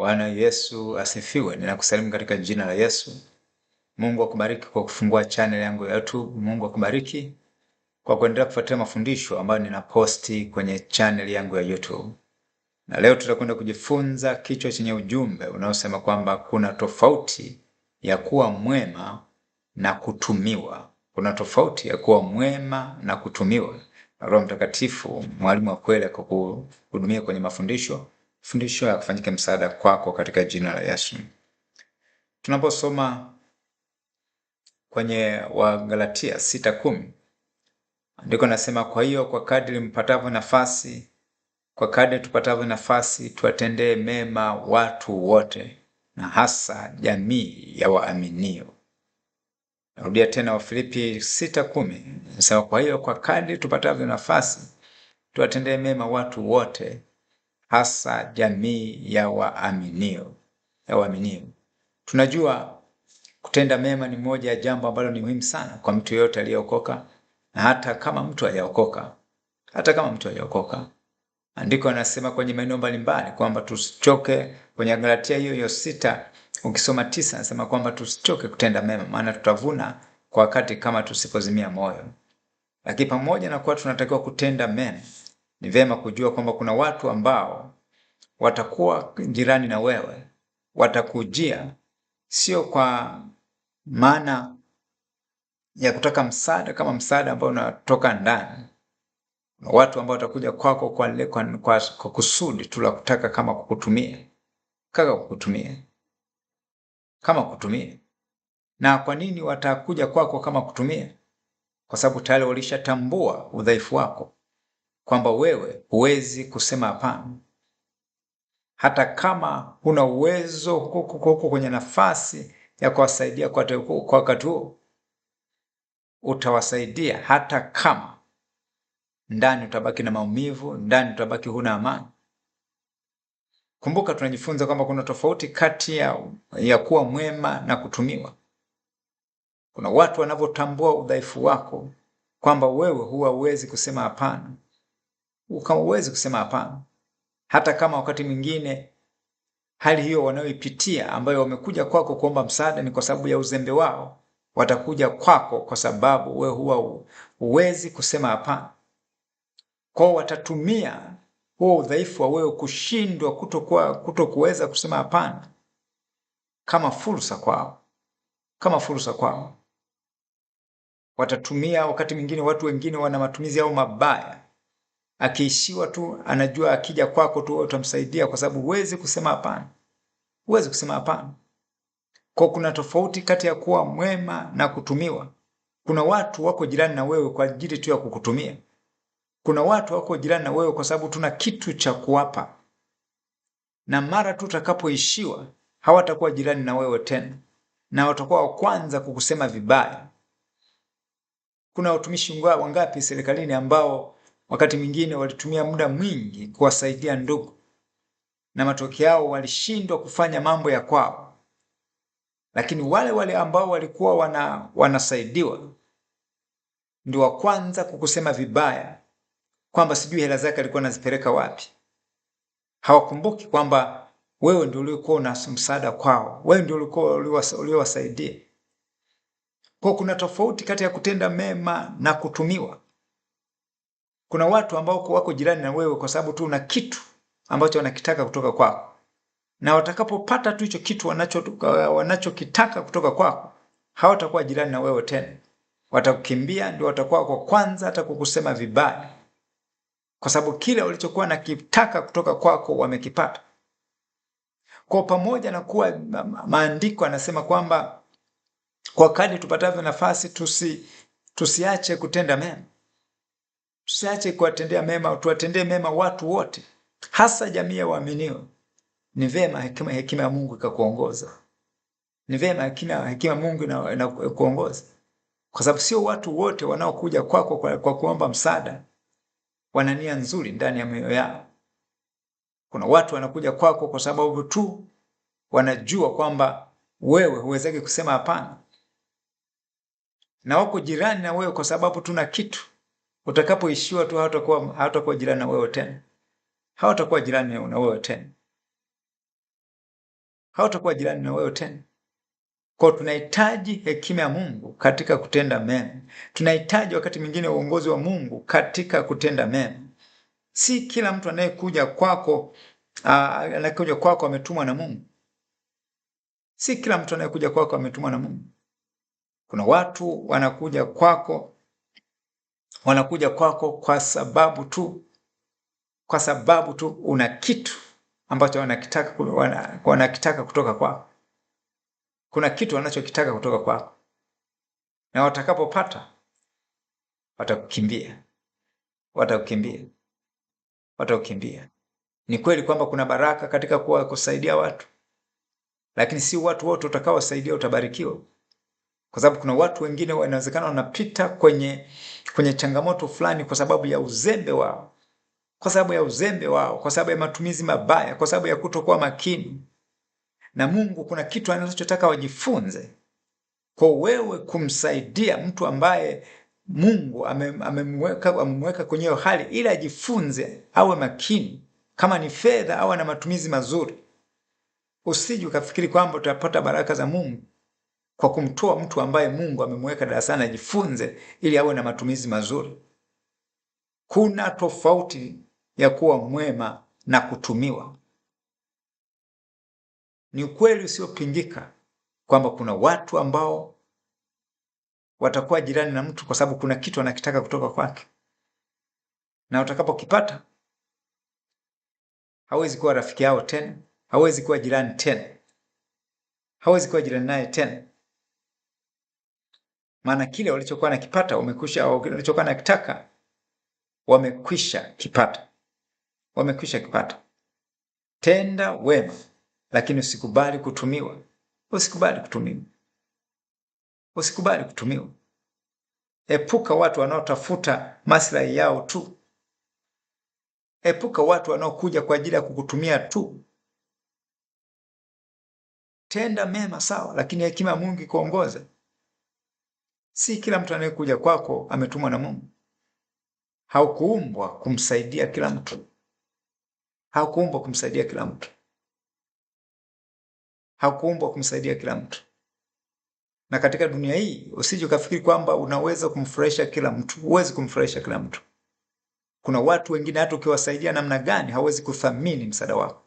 Bwana Yesu asifiwe. Ninakusalimu katika jina la Yesu. Mungu akubariki kwa kufungua channel yangu ya YouTube. Mungu akubariki kwa kuendelea kufuatilia mafundisho ambayo ninaposti kwenye channel yangu ya YouTube. Na leo tutakwenda kujifunza kichwa chenye ujumbe unaosema kwamba kuna tofauti ya kuwa mwema na kutumiwa. Kuna tofauti ya kuwa mwema na kutumiwa. Roho Mtakatifu, mwalimu wa kweli, akakuhudumia kwenye mafundisho fundisho ya msaada kwako katika jina la Yesu. Tunaposoma kwenye Wagalatia sita kumi andiko nasema, kwa hiyo kwa kadri mpatavyo nafasi, kwa kadri tupatavyo nafasi, tuwatendee mema watu wote, na hasa jamii ya waaminio. Narudia tena Wafilipi sita kumi nasema, kwa hiyo kwa kadri tupatavyo nafasi, tuwatendee mema watu wote hasa jamii ya waaminio ya waaminio. Tunajua kutenda mema ni moja ya jambo ambalo ni muhimu sana kwa mtu yoyote aliyeokoka, na hata kama mtu hajaokoka, hata kama mtu hajaokoka. Andiko anasema kwenye maeneo mbalimbali kwamba tusichoke. Kwenye Galatia hiyo hiyo sita ukisoma tisa anasema kwamba tusichoke kutenda mema, maana tutavuna kwa wakati kama tusipozimia moyo. Lakini pamoja na kuwa tunatakiwa kutenda mema ni vyema kujua kwamba kuna watu ambao watakuwa jirani na wewe, watakujia sio kwa maana ya kutaka msaada kama msaada ambao unatoka ndani. Kuna watu ambao watakuja kwako kwa, kwa, kwa, kwa, kwa kusudi tu la kutaka kama kukutumia kaka, kukutumia kama kutumia. Na kwa nini watakuja kwako kwa kama kutumia? Kwa sababu tayari walishatambua udhaifu wako kwamba wewe huwezi kusema hapana, hata kama huna uwezo huko kwenye nafasi ya kuwasaidia kwa wakati huo, utawasaidia hata kama ndani utabaki na maumivu, ndani utabaki huna amani. Kumbuka, tunajifunza kwamba kuna tofauti kati ya, ya kuwa mwema na kutumiwa. Kuna watu wanavyotambua udhaifu wako kwamba wewe huwa huwezi kusema hapana kama uwezi kusema hapana, hata kama wakati mwingine hali hiyo wanayoipitia ambayo wamekuja kwako kuomba msaada ni kwa sababu ya uzembe wao, watakuja kwako kwa sababu wewe huwa uwezi kusema hapana. Kwao watatumia huo udhaifu wa wewe kushindwa, kutokuwa kutokuweza kusema hapana kama fursa kwao, kama fursa kwao. Watatumia wakati mwingine, watu wengine wana matumizi yao mabaya akiishiwa tu, anajua akija kwako tu utamsaidia, kwa sababu huwezi kusema hapana, huwezi kusema hapana. Kwa kuna tofauti kati ya kuwa mwema na kutumiwa. Kuna watu wako jirani na wewe kwa ajili tu ya kukutumia. Kuna watu wako jirani na wewe kwa sababu tuna kitu cha kuwapa, na mara tu utakapoishiwa hawatakuwa jirani na wewe tena, na watakuwa wa kwanza kukusema vibaya. Kuna watumishi wangapi serikalini ambao Wakati mwingine walitumia muda mwingi kuwasaidia ndugu, na matokeo yao walishindwa kufanya mambo ya kwao. Lakini wale wale ambao walikuwa wana, wanasaidiwa ndio wa kwanza kukusema vibaya kwamba sijui hela zake alikuwa anazipeleka wapi. Hawakumbuki kwamba wewe ndio uliokuwa una msaada kwao, wewe ndio ulikuwa uliowasaidia. Kwa kuna tofauti kati ya kutenda mema na kutumiwa. Kuna watu ambao wako jirani na wewe kwa sababu tu una kitu ambacho wanakitaka kutoka kwako, na watakapopata tu hicho kitu wanachokitaka wanacho kutoka kwako, hawatakuwa jirani na wewe tena, watakukimbia, ndio watakuwa kwa kwanza hata kukusema vibaya, kwa sababu kile walichokuwa nakitaka kutoka kwako wamekipata. Kwa pamoja na kuwa maandiko anasema kwamba kwa kadri tupatavyo nafasi tusi, tusiache kutenda mema tusiache kuwatendea mema, tuwatendee mema watu wote, hasa jamii ya waaminio. Ni vema hekima, hekima ya Mungu ikakuongoza. Ni vema hekima, hekima ya Mungu inakuongoza, kwa sababu sio watu wote wanaokuja kwako kwa, kwa kuomba msaada wana nia nzuri ndani ya mioyo yao. Kuna watu wanakuja kwako kwa sababu tu wanajua kwamba wewe huwezeki kusema hapana, na wako jirani na wewe kwa sababu tuna kitu Utakapoishiwa tu hawatakuwa hawatakuwa jirani na wewe tena, hawatakuwa jirani na wewe tena, hawatakuwa jirani na wewe tena. Kwa tunahitaji hekima ya Mungu katika kutenda mema. Tunahitaji wakati mwingine uongozi wa Mungu katika kutenda mema. Si kila mtu anayekuja kwako anayekuja kwako ametumwa na Mungu. Si kila mtu anayekuja kwako ametumwa na Mungu. Kuna watu wanakuja kwako wanakuja kwako kwa sababu tu kwa sababu tu una kitu ambacho wanakitaka, wanakitaka kutoka kwako. Kuna kitu wanachokitaka kutoka kwako, na watakapopata watakukimbia, watakukimbia, watakukimbia. Ni kweli kwamba kuna baraka katika kuwa kusaidia watu, lakini si watu wote utakaowasaidia utabarikiwa kwa sababu kuna watu wengine inawezekana wanapita kwenye, kwenye changamoto fulani kwa sababu ya uzembe wao, kwa sababu ya uzembe wao, kwa sababu ya matumizi mabaya, kwa sababu ya kutokuwa makini na Mungu. Kuna kitu anachotaka wajifunze kwa wewe kumsaidia mtu ambaye Mungu amemweka amemweka kwenye hiyo hali ili ajifunze, awe makini. Kama ni fedha, au na matumizi mazuri. Usije ukafikiri kwamba utapata baraka za Mungu kwa kumtoa mtu ambaye Mungu amemweka darasani ajifunze ili awe na matumizi mazuri. Kuna tofauti ya kuwa mwema na kutumiwa. Ni ukweli usiopingika kwamba kuna watu ambao watakuwa jirani na mtu kwa sababu kuna kitu anakitaka kutoka kwake, na utakapokipata hawezi kuwa rafiki yao tena, hawezi kuwa jirani tena, hawezi kuwa jirani naye tena maana kile walichokuwa nakipata wamekwisha, walichokuwa nakitaka wamekwisha kipata, wamekwisha kipata. Tenda wema, lakini usikubali kutumiwa, usikubali kutumiwa, usikubali kutumiwa. Epuka watu wanaotafuta maslahi yao tu. Epuka watu wanaokuja kwa ajili ya kukutumia tu. Tenda mema sawa, lakini hekima ya Mungu ikuongoze. Si kila mtu anayekuja kwako ametumwa na Mungu. Haukuumbwa kumsaidia kila mtu, haukuumbwa kumsaidia kila mtu, haukuumbwa kumsaidia kila mtu. Na katika dunia hii usije ukafikiri kwamba unaweza kumfurahisha kila mtu. Huwezi kumfurahisha kila mtu. Kuna watu wengine hata ukiwasaidia namna gani hawezi kuthamini msaada wako,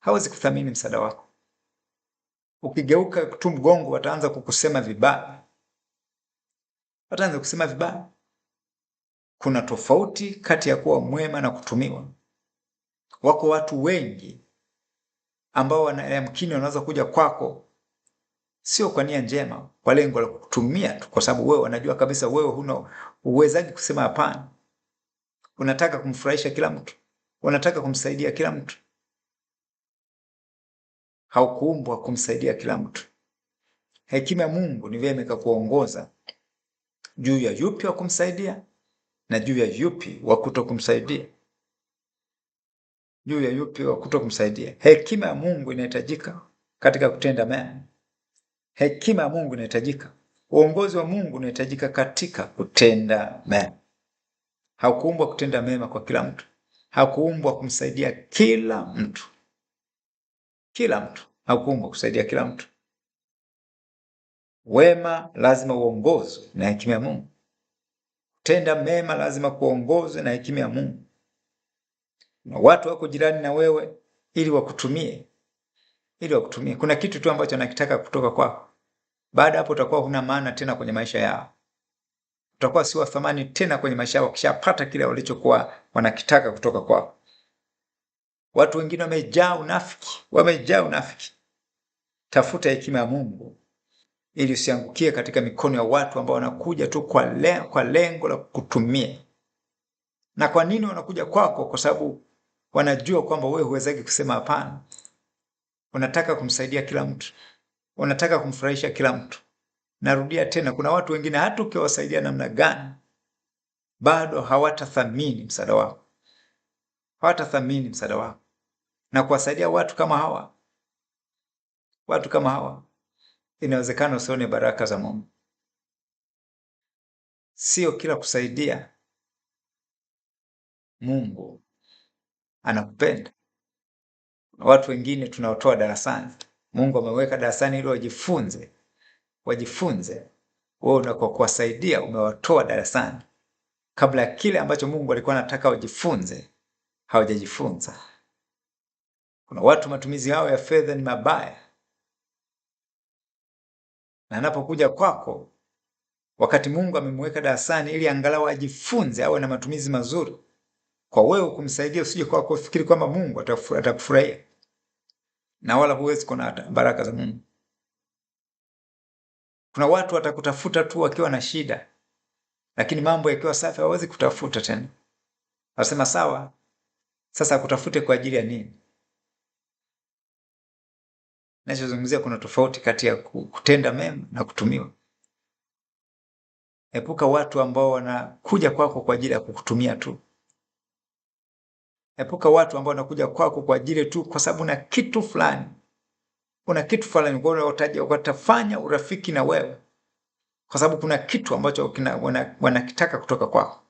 hawezi kuthamini msaada wako. Ukigeuka tu mgongo, wataanza kukusema vibaya wataanza kusema vibaya. Kuna tofauti kati ya kuwa mwema na kutumiwa. Wako watu wengi ambao wanayamkini eh, wanaweza kuja kwako sio kwa nia njema, kwa lengo la kutumia tu, kwa sababu wewe wanajua kabisa wewe huna uwezaji kusema hapana. Unataka kumfurahisha kila mtu, unataka kumsaidia kila mtu. Haukuumbwa kumsaidia kila mtu. Hekima ya Mungu ni vyema ikakuongoza juu ya yupi wa kumsaidia na juu ya yupi wa kuto kumsaidia juu ya yupi wa kuto kumsaidia. Hekima ya Mungu inahitajika katika kutenda mema. Hekima ya Mungu inahitajika, uongozi wa Mungu unahitajika katika kutenda mema. Hakuumbwa kutenda mema kwa kila mtu, hakuumbwa kumsaidia kila mtu, kila mtu hakuumbwa kusaidia kila mtu. Wema lazima uongozwe na hekima ya Mungu. Kutenda mema lazima kuongozwe na hekima ya Mungu. Na watu wako jirani na wewe ili wakutumie, ili wakutumie. Kuna kitu tu ambacho nakitaka kutoka kwako. Baada hapo utakuwa huna maana tena kwenye maisha yao, utakuwa si wa thamani tena kwenye maisha yao, wakishapata kile walichokuwa wanakitaka kutoka kwako. Watu wengine wamejaa unafiki, wamejaa unafiki. Tafuta hekima ya Mungu ili usiangukie katika mikono ya watu ambao wanakuja tu kwa, le, kwa lengo la kutumia. Na kwa nini wanakuja kwako? Kwa sababu wanajua kwamba wewe huwezaki kusema hapana. Unataka kumsaidia kila mtu, unataka kumfurahisha kila mtu. Narudia tena, kuna watu wengine hata ukiwasaidia namna gani bado hawatathamini msaada wako, hawatathamini msaada wako na kuwasaidia watu kama hawa, watu kama hawa inawezekana usione baraka za Mungu. Sio kila kusaidia Mungu anakupenda. Watu wengine tunaotoa darasani, Mungu ameweka darasani ili wajifunze, wajifunze. Wewe unakuwa kuwasaidia, umewatoa darasani kabla ya kile ambacho Mungu alikuwa anataka wajifunze, hawajajifunza. Kuna watu matumizi yao ya fedha ni mabaya na anapokuja kwako, wakati Mungu amemuweka darasani ili angalau ajifunze, awe na matumizi mazuri, kwa wewe kumsaidia, usije kwa kufikiri kwamba Mungu atakufurahia na wala huwezi kuona baraka za Mungu. Kuna watu watakutafuta tu wakiwa na shida, lakini mambo yakiwa safi hawawezi kutafuta tena. Wasema sawa, sasa akutafute kwa ajili ya nini? Nachozungumzia kuna tofauti kati ya kutenda mema na kutumiwa. Epuka watu ambao wanakuja kwako kwa ajili ya kukutumia tu. Epuka watu ambao wanakuja kwako kwa ajili tu, kwa sababu una kitu fulani, una kitu fulani watafanya urafiki na wewe, kwa sababu kuna kitu ambacho wanakitaka kutoka kwako.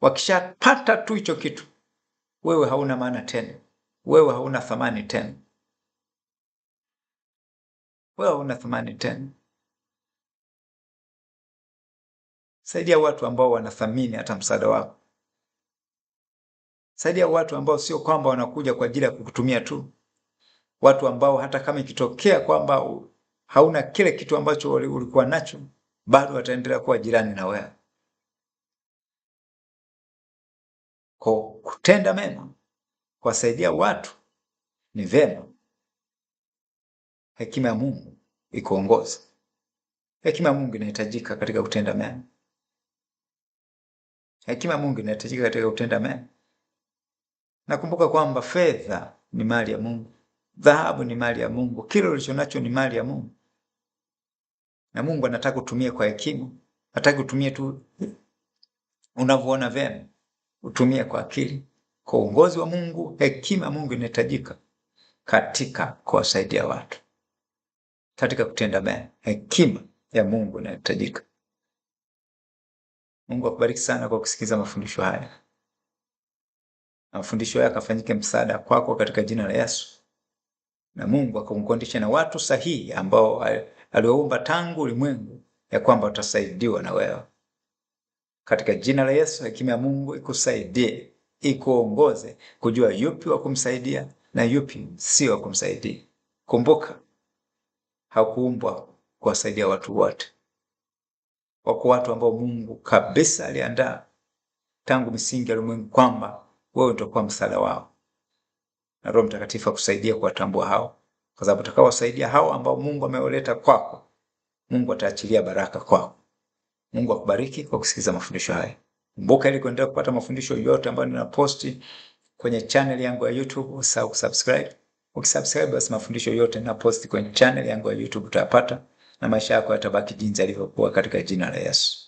Wakishapata tu hicho kitu, wewe hauna maana tena, wewe hauna thamani tena wewe una thamani tena. Saidia watu ambao wanathamini hata msaada wako. Saidia watu ambao sio kwamba wanakuja kwa ajili ya kukutumia tu, watu ambao hata kama ikitokea kwamba hauna kile kitu ambacho ulikuwa nacho, bado wataendelea kuwa jirani na wewe. Kwa kutenda mema, kuwasaidia watu ni vyema. Hekima ya Mungu ikuongoza. Hekima ya Mungu inahitajika katika kutenda mema. Hekima ya Mungu inahitajika katika kutenda mema. Nakumbuka kwamba fedha ni mali ya Mungu, dhahabu ni mali ya Mungu, kila nacho ni mali ya Mungu, na Mungu anataka utumie kwa hekima. Hataki utumie tu unavyoona vyema, utumie kwa akili, kwa uongozi wa Mungu. Hekima ya Mungu inahitajika katika kuwasaidia watu katika kutenda mema. Hekima ya Mungu inahitajika. Mungu akubariki sana kwa kusikiza mafundisho haya. Mafundisho haya akafanyike msaada kwako kwa katika jina la Yesu, na Mungu akakukondisha na watu sahihi ambao aliwaumba tangu ulimwengu, ya kwamba utasaidiwa na wewe katika jina la Yesu. Hekima ya Mungu ikusaidie, ikuongoze kujua yupi wa kumsaidia na yupi sio wa kumsaidia. Kumbuka hakuumbwa kuwasaidia watu wote. Wako watu ambao Mungu kabisa aliandaa tangu misingi ya ulimwengu kwamba wewe utakuwa msaada wao, na Roho Mtakatifu akusaidia kuwatambua hao, kwa sababu utakaowasaidia hao ambao Mungu amewaleta kwako, Mungu ataachilia baraka kwako. Mungu akubariki kwa kusikiliza mafundisho haya. Kumbuka, ili kuendelea kupata mafundisho yote ambayo ninaposti kwenye channel yangu ya YouTube, usahau kusubscribe Ukisubscribe basi mafundisho yote na post kwenye channel yangu ya YouTube utayapata na maisha yako yatabaki jinsi yalivyokuwa katika jina la Yesu.